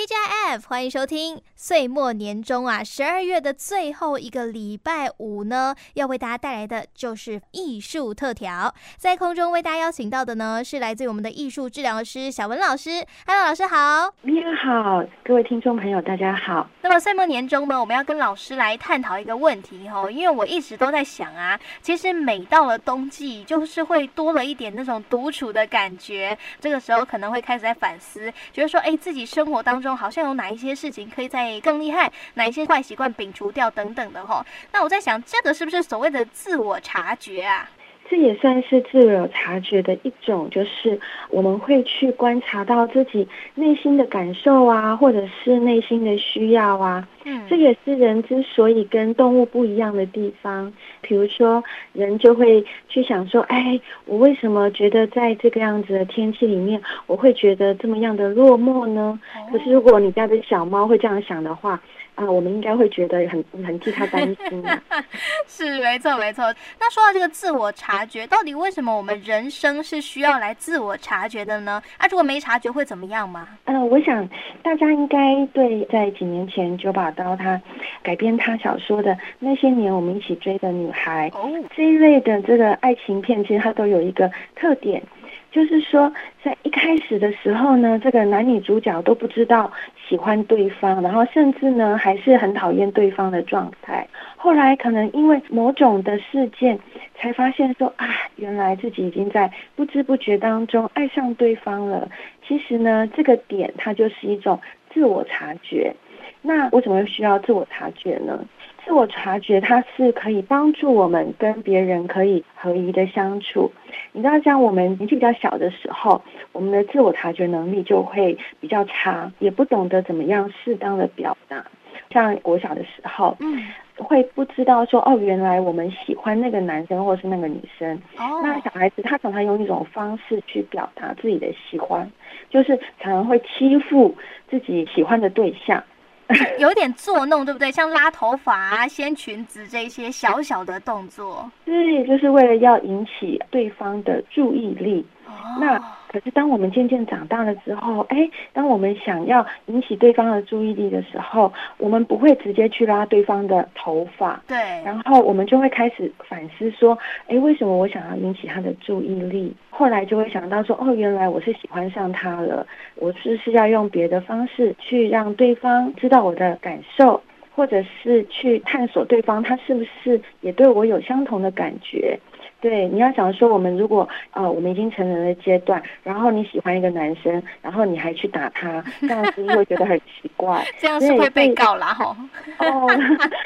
TGIF，歡迎收聽歲末年終啊，十二月的最後一個禮拜五呢，要為大家帶來的就是藝術特調。在空中為大家邀請到的呢，是來自於我們的藝術治療師小文老師。Hello，老師好。你好，各位聽眾朋友，大家好。那麼歲末年終呢，我們要跟老師來探討一個問題哦，因為我一直都在想啊，其實每到了冬季，就是會多了一點那種獨處的感覺。這個時候可能會開始在反思，覺得說，哎，自己生活當中。好像有哪一些事情可以再更厲害，哪一些壞習慣摒除掉等等的吼，那我在想，這個是不是所謂的自我察覺啊？這也算是自我察覺的一種，就是我們會去觀察到自己內心的感受啊，或者是內心的需要啊。嗯，這也是人之所以跟動物不一樣的地方。比如說，人就會去想說，哎，我為什麼覺得在這個樣子的天氣裡面，我會覺得這麼樣的落寞呢？嗯，可是如果你家的小貓會這樣想的話。啊、呃，我們應該會覺得很很替他擔心。啊。 是，沒錯，沒錯。那說到這個自我察覺，到底為什麼我們人生是需要來自我察覺的呢？啊，如果沒察覺會怎麼樣嗎？呃，我想大家應該對在幾年前九把刀他改編他小說的那些年，我們一起追的女孩，哦，這一類的這個愛情片，其實它都有一個特點。就是說，在一開始的時候呢，這個男女主角都不知道喜歡對方，然後甚至呢還是很討厭對方的狀態。後來可能因為某種的事件，才發現說啊，原來自己已經在不知不覺當中愛上對方了。其實呢，這個點它就是一種自我察覺。那我怎麼又需要自我察覺呢？自我察覺，它是可以幫助我們跟別人可以和諧的相處。你知道，像我們年紀比較小的時候，我們的自我察覺能力就會比較差，也不懂得怎麼樣適當的表達。像我小的時候，嗯，會不知道說哦，原來我們喜歡那個男生或是那個女生。哦。那小孩子他常常用一種方式去表達自己的喜歡，就是常常會欺負自己喜歡的對象。 有點作弄，對不對？像拉頭髮、掀裙子，這些小小的動作，對，就是為了要引起對方的注意力。那可是，當我們漸漸長大了之後，哎，當我們想要引起對方的注意力的時候，我們不會直接去拉對方的頭髮。對，然後我們就會開始反思說，哎，為什麼我想要引起他的注意力？後來就會想到說，哦，原來我是喜歡上他了。我是不是要用別的方式去讓對方知道我的感受，或者是去探索對方他是不是也對我有相同的感覺。對，你要想說，我們如果啊、哦，我們已經成人的階段，然後你喜歡一個男生，然後你還去打他，這樣子你會覺得很奇怪， 這樣是會被告啦，哈以。 哦，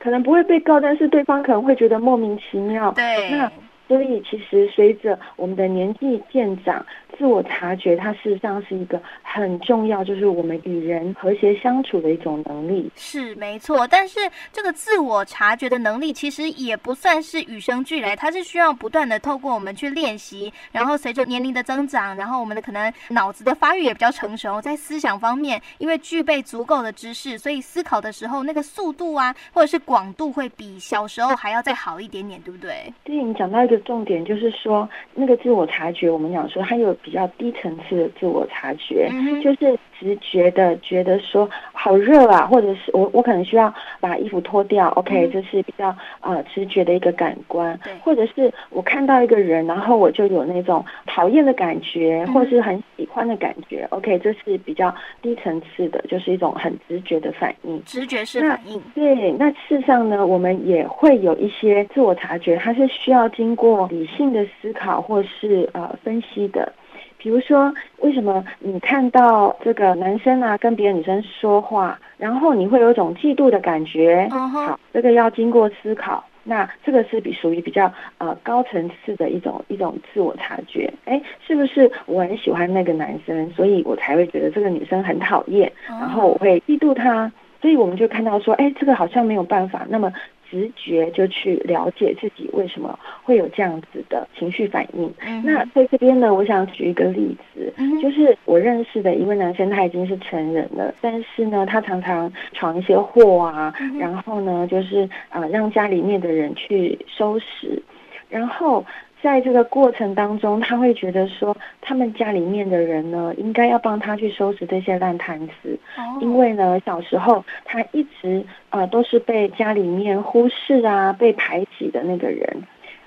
可能不會被告，但是對方可能會覺得莫名其妙。對。 所以，其實隨着我們的年紀漸長，自我察覺它事實上是一個很重要，就是我們與人和諧相處的一種能力。是，沒錯。但是這個自我察覺的能力，其實也不算是與生俱來，它是需要不斷的透過我們去練習。然後隨着年齡的增長，然後我們的可能腦子的發育也比較成熟，在思想方面，因為具備足夠的知識，所以思考的時候那個速度啊，或者是廣度會比小時候還要再好一點點，對不對？對，你講到一個重點就是說，那個自我察覺，我們講說，它有比較低層次的自我察覺，嗯、哼就是。直覺的覺得說好熱啊，或者是我我可能需要把衣服脫掉。嗯、OK，這是比較啊、呃、直覺的一個感官，對或者是我看到一個人，然後我就有那種討厭的感覺，嗯、或是很喜歡的感覺。OK，這是比較低層次的，就是一種很直覺的反應。直覺是反應，那，對。那事實上呢，我們也會有一些自我察覺，它是需要經過理性的思考或是呃分析的。比如說，為什麼你看到這個男生啊跟別的女生說話，然後你會有一種嫉妒的感覺？好，Uh-huh. 這個要經過思考。那這個是比屬於比較呃高層次的一種一種自我察覺。哎，是不是我很喜歡那個男生，所以我才會覺得這個女生很討厭，Uh-huh. 然後我會嫉妒他？所以我們就看到說，哎，這個好像沒有辦法。那麼。直覺就去了解自己為什麼會有這樣子的情緒反應。嗯、哼那在這邊呢，我想舉一個例子，嗯、哼就是我認識的一位男生，他已經是成人了，但是呢，他常常闖一些禍啊，嗯、哼然後呢，就是啊、呃，讓家裡面的人去收拾，然後。在這個過程當中，他會覺得說，他們家裡面的人呢，應該要幫他去收拾這些爛攤子，哦、因為呢，小時候他一直啊、呃、都是被家裡面忽視啊、被排擠的那個人。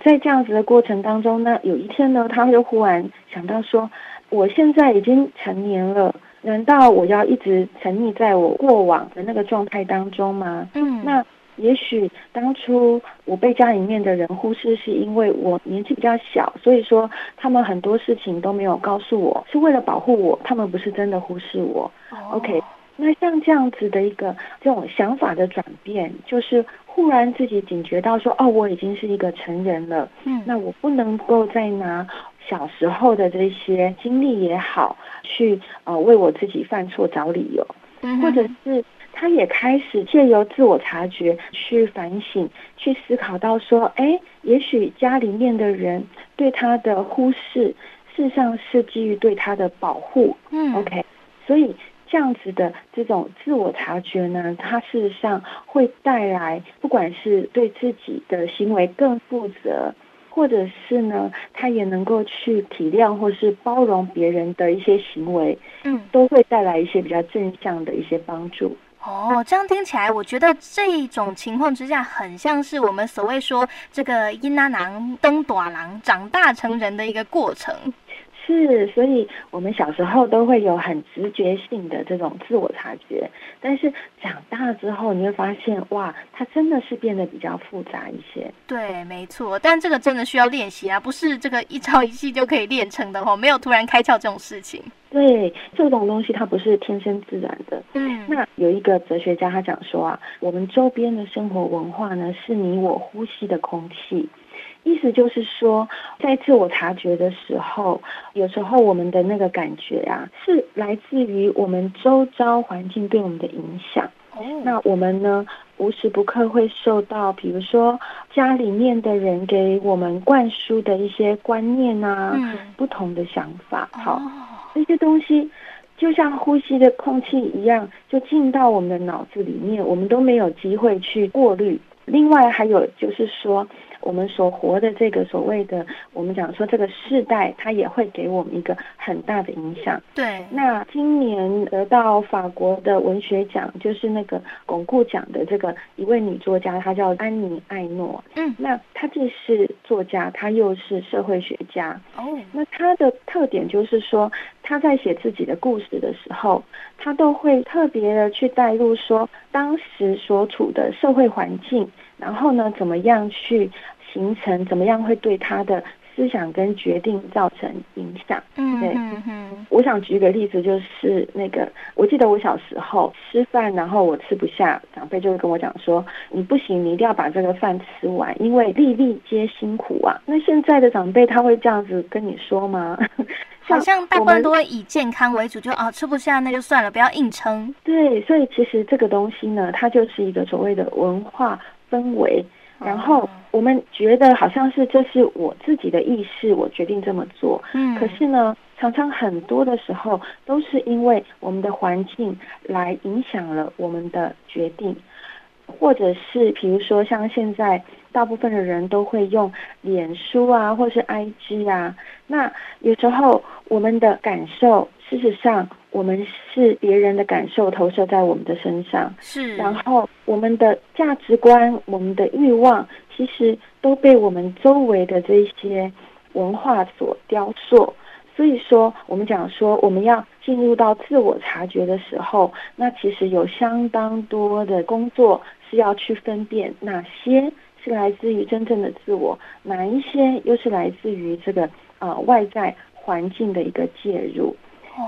在這樣子的過程當中呢，有一天呢，他就忽然想到說，我現在已經成年了，難道我要一直沉溺在我過往的那個狀態當中嗎？嗯，那。也許當初我被家裡面的人忽視，是因為我年紀比較小，所以說他們很多事情都沒有告訴我，是為了保護我。他們不是真的忽視我。哦、OK，那像這樣子的一個這種想法的轉變，就是忽然自己警覺到說，哦，我已經是一個成人了。嗯，那我不能夠再拿小時候的這些經歷也好，去呃為我自己犯錯找理由，嗯、哼或者是。他也開始借由自我察覺去反省，去思考到說，哎，也許家裡面的人對他的忽視，事實上是基於對他的保護。嗯，OK，所以這樣子的這種自我察覺呢，它事實上會帶來，不管是對自己的行為更負責，或者是呢，他也能夠去體諒或是包容別人的一些行為，嗯，都會帶來一些比較正向的一些幫助。哦，這樣聽起來，我覺得這種情況之下，很像是我們所謂說這個嬰兒郎、登短郎，長大成人的一個過程。是，所以我們小時候都會有很直覺性的這種自我察覺，但是長大之後你會發現，哇，它真的是變得比較複雜一些。對，沒錯，但這個真的需要練習啊，不是這個一朝一夕就可以練成的哦，沒有突然開竅這種事情。對，這種東西它不是天生自然的。嗯，那有一個哲學家他講說啊，我們周邊的生活文化呢，是你我呼吸的空氣。意思就是說，在自我察覺的時候，有時候我們的那個感覺呀、啊，是來自於我們周遭環境對我們的影響。嗯、那我們呢，無時不刻會受到，比如說家裡面的人給我們灌輸的一些觀念啊，嗯、不同的想法，好，哦、那些東西就像呼吸的空氣一樣，就進到我們的腦子裡面，我們都沒有機會去過濾。另外還有就是說。我們所活的這個所謂的我們講說這個世代，它也會給我們一個很大的影響。對，那今年得到法國的文學獎，就是那個龔古獎的這個一位女作家，她叫安妮·艾諾。嗯，那她既是作家，她又是社會學家。哦，那她的特點就是說，她在寫自己的故事的時候，她都會特別的去帶入說當時所處的社會環境。然後呢？怎麼樣去形成？怎麼樣會對他的思想跟決定造成影響？嗯，對。嗯、哼哼我想舉一個例子，就是那個，我記得我小時候吃飯，然後我吃不下，長輩就會跟我講說：“你不行，你一定要把這個飯吃完，因為粒粒皆辛苦啊。”那現在的長輩他會這樣子跟你說嗎？ 像們好像大部分都會以健康為主，就啊、哦、吃不下那就算了，不要硬撐。對，所以其實這個東西呢，它就是一個所謂的文化。氛圍，然後我們覺得好像是這是我自己的意識，我決定這麼做。嗯，可是呢，常常很多的時候都是因為我們的環境來影響了我們的決定，或者是比如說像現在大部分的人都會用臉書啊，或者是 IG 啊，那有時候我們的感受。事實上，我們是別人的感受投射在我們的身上，是。然後，我們的價值觀、我們的慾望，其實都被我們周圍的這些文化所雕塑。所以說，我們講說，我們要進入到自我察覺的時候，那其實有相當多的工作是要去分辨哪些是來自於真正的自我，哪一些又是來自於這個啊、呃、外在環境的一個介入。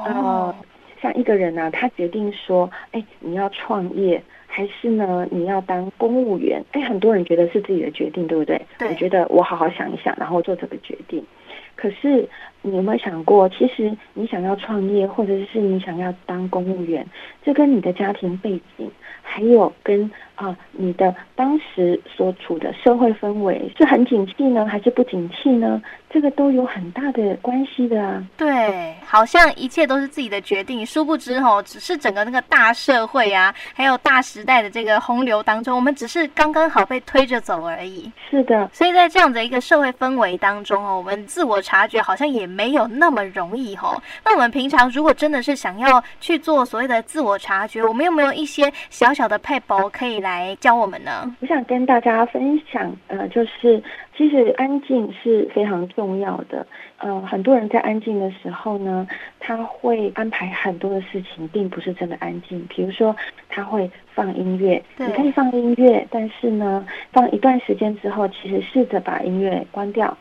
呃，uh, oh. 像一個人呢、啊、他決定說，哎，你要創業，還是呢，你要當公務員？哎，很多人覺得是自己的決定，對不對？對。我覺得我好好想一想，然後做這個決定。可是你有沒有想過，其實你想要創業，或者是你想要當公務員，這跟你的家庭背景，還有跟。啊，你的當時所處的社會氛圍是很景氣呢，還是不景氣呢？這個都有很大的關係的啊。對，好像一切都是自己的決定，殊不知哦，只是整個那個大社會啊，還有大時代的這個洪流當中，我們只是剛剛好被推着走而已。是的，所以在這樣的一個社會氛圍當中哦，我們自我察覺好像也沒有那麼容易哦。那我們平常如果真的是想要去做所謂的自我察覺，我們有沒有一些小小的撇步可以來？來教我們呢？我想跟大家分享，呃，就是其實安靜是非常重要的。呃，很多人在安靜的時候呢，他會安排很多的事情，並不是真的安靜。比如說，他會放音樂，對你可以放音樂，但是呢，放一段時間之後，其實試着把音樂關掉，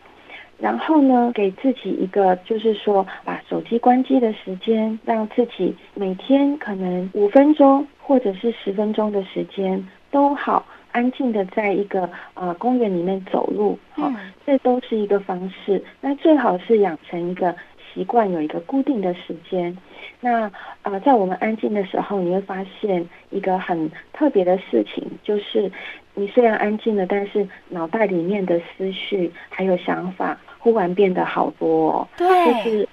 然後呢，給自己一個就是說把手機關機的時間，讓自己每天可能五分鐘或者是十分鐘的時間。都好，安靜的在一個啊、呃、公園裡面走路，好、哦，嗯、這都是一個方式。那最好是養成一個習慣，有一個固定的時間。那啊、呃，在我們安靜的時候，你會發現一個很特別的事情，就是。你雖然安靜了，但是腦袋裡面的思緒還有想法忽然變得好多哦，對，就是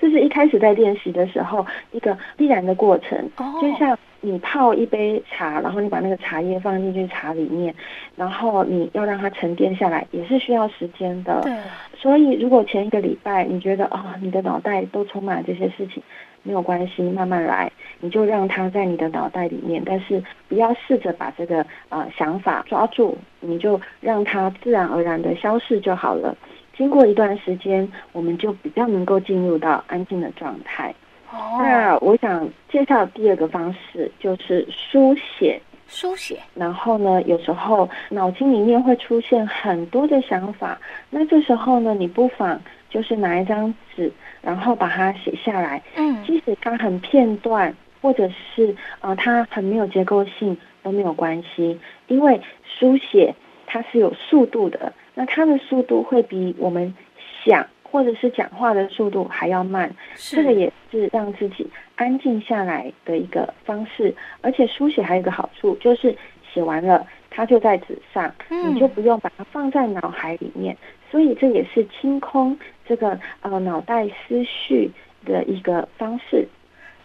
就是一開始在練習的時候一個必然的過程，oh. 就像你泡一杯茶，然後你把那個茶葉放進去茶裡面，然後你要讓它沉澱下來，也是需要時間的。對，所以如果前一個禮拜你覺得啊，哦，你的腦袋都充滿了這些事情。沒有關係，慢慢來，你就讓它在你的腦袋裡面，但是不要試着把這個呃想法抓住，你就讓它自然而然的消逝就好了。經過一段時間，我們就比較能夠進入到安靜的狀態。Oh. 那我想介紹第二個方式，就是書寫。書寫，然後呢，有時候腦筋裡面會出現很多的想法，那這時候呢，你不妨就是拿一張紙，然後把它寫下來。嗯，即使它很片段，或者是啊、呃，它很沒有結構性，都沒有關係，因為書寫它是有速度的，那它的速度會比我們想或者是講話的速度還要慢，是這個也是讓自己安靜下來的一個方式。而且書寫還有一個好處，就是寫完了它就在紙上，嗯、你就不用把它放在腦海裡面，所以這也是清空這個呃腦袋思緒的一個方式。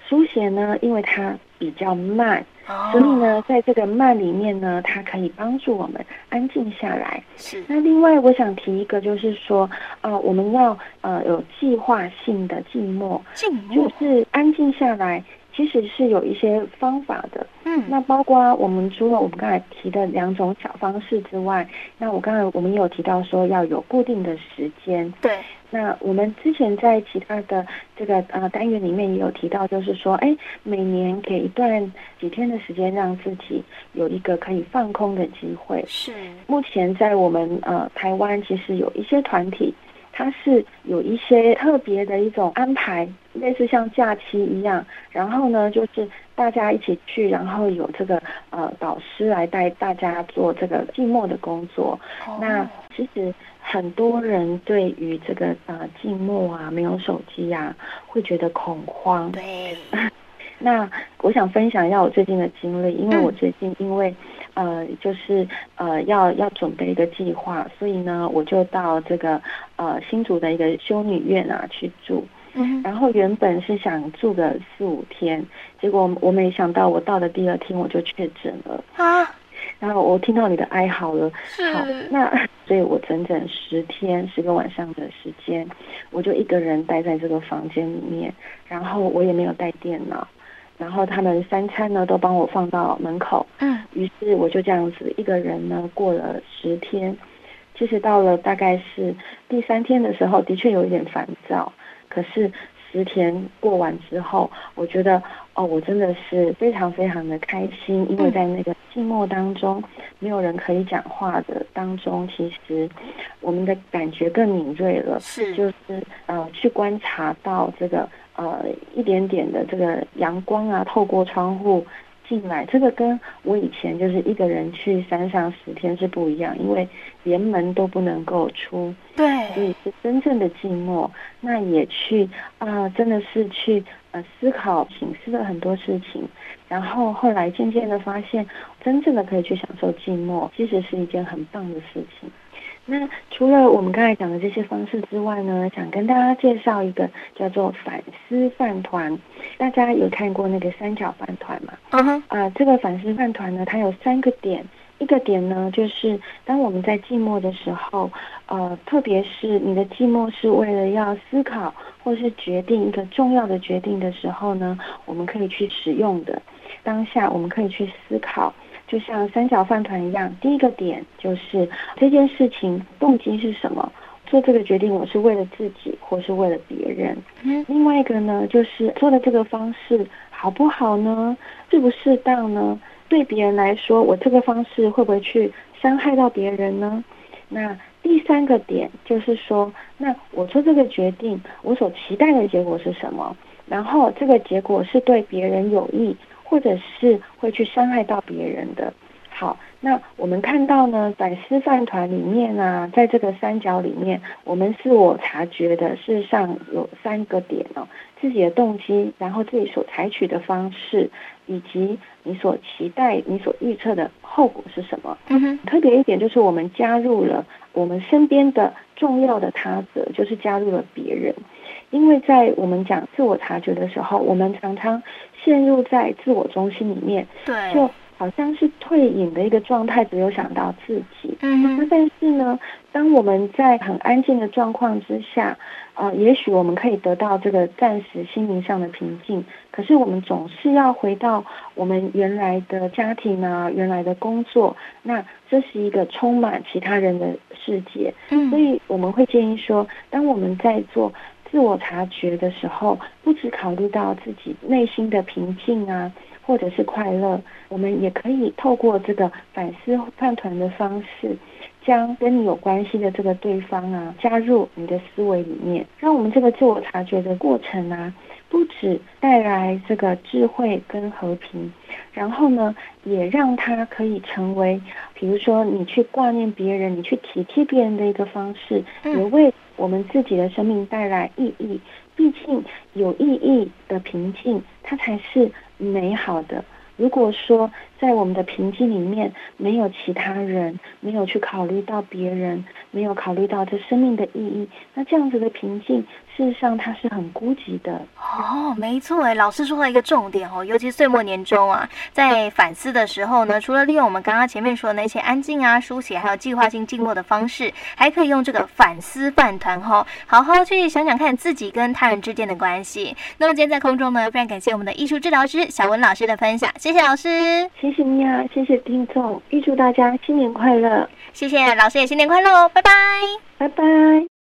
書寫呢，因為它比較慢，哦、所以呢，在這個慢裡面呢，它可以幫助我們安靜下來。是。那另外，我想提一個，就是說，啊、呃，我們要呃有計劃性的靜默，靜默，就是安靜下來。其實是有一些方法的，嗯，那包括我們除了我們剛才提的兩種小方式之外，那我剛才我們也有提到說要有固定的時間，對。那我們之前在其他的這個呃單元裡面也有提到，就是說，誒，每年給一段幾天的時間，讓自己有一個可以放空的機會。是。目前在我們呃台灣，其實有一些團體，它是有一些特別的一種安排，類似像假期一樣，然後呢，就是大家一起去，然後有這個呃導師來帶大家做這個靜默的工作。哦、那其實很多人對於這個呃靜默啊、沒有手機啊，會覺得恐慌。對。 那我想分享一下我最近的經歷，因為我最近因為，嗯、呃，就是呃要要準備一個計劃，所以呢，我就到這個呃新竹的一個修女院啊去住。嗯，然後原本是想住個四五天，結果我沒想到，我到的第二天我就確診了啊！然後我聽到你的哀嚎了，是好。那，所以我整整十天、十個晚上的時間，我就一個人待在這個房間裡面，然後我也沒有帶電腦，然後他們三餐呢都幫我放到門口，嗯。於是我就這樣子一個人呢過了十天，其實到了大概是第三天的時候，的確有一點煩躁。可是十天過完之後，我覺得哦，我真的是非常非常的開心，因為在那個寂寞當中，沒有人可以講話的當中，其實我們的感覺更敏銳了，是就是呃去觀察到這個呃一點點的這個陽光啊，透過窗戶。進來，這個跟我以前就是一個人去山上十天是不一樣，因為連門都不能夠出，對，所以是真正的寂寞。那也去啊、呃，真的是去呃思考、省思了很多事情。然後後來漸漸的發現，真正的可以去享受寂寞，其實是一件很棒的事情。那除了我們剛才講的這些方式之外呢，想跟大家介紹一個叫做反思飯糰。大家有看過那個三角飯糰嗎？啊、uh huh. 呃，這個反思飯糰呢，它有三個點，一個點呢就是當我們在寂寞的時候，呃，特別是你的寂寞是為了要思考或是決定一個重要的決定的時候呢，我們可以去使用的。當下我們可以去思考。就像三角飯團一樣，第一個點就是這件事情動機是什麼？做這個決定我是為了自己，或是為了別人？嗯，另外一個呢，就是做的這個方式好不好呢？適不適當呢？對別人來說，我這個方式會不會去傷害到別人呢？那第三個點就是說，那我做這個決定，我所期待的結果是什麼？然後這個結果是對別人有益。或者是會去傷害到別人的好，那我們看到呢，在示範團裡面呢、啊，在這個三角裡面，我們自我察覺的事實上有三個點哦，自己的動機，然後自己所採取的方式，以及你所期待、你所預測的後果是什麼？嗯哼。特別一點就是，我們加入了我們身邊的重要的他者，就是加入了別人。因為在我們講自我察覺的時候，我們常常陷入在自我中心裡面，對，就好像是退隱的一個狀態，只有想到自己。嗯哼，那但是呢，當我們在很安靜的狀況之下，啊，呃，也許我們可以得到這個暫時心靈上的平靜。可是我們總是要回到我們原來的家庭啊，原來的工作，那這是一個充滿其他人的世界。嗯，所以我們會建議說，當我們在做，自我察覺的時候，不只考慮到自己內心的平靜啊，或者是快樂，我們也可以透過這個反思判斷的方式，將跟你有關係的這個對方啊，加入你的思維裡面，讓我們這個自我察覺的過程啊，不只帶來這個智慧跟和平，然後呢，也讓他可以成為，比如說你去掛念別人，你去體貼別人的一個方式，也為。我們自己的生命帶來意義，畢竟有意義的平靜，它才是美好的。如果說，在我們的平靜裡面，沒有其他人，沒有去考慮到別人，沒有考慮到這生命的意義。那這樣子的平靜，事實上它是很孤寂的。哦，沒錯，誒，老師說了一個重點哦，尤其歲末年終啊，在反思的時候呢，除了利用我們剛剛前面說的那些安靜啊、書寫，還有計劃性靜默的方式，還可以用這個反思飯團哦，好好去想想看自己跟他人之間的關係。那麼今天在空中呢，非常感謝我們的藝術治療師小文老師的分享，謝謝老師。謝謝你啊，謝謝丁總，預祝大家新年快樂！謝謝老師也新年快樂哦，拜拜，拜拜。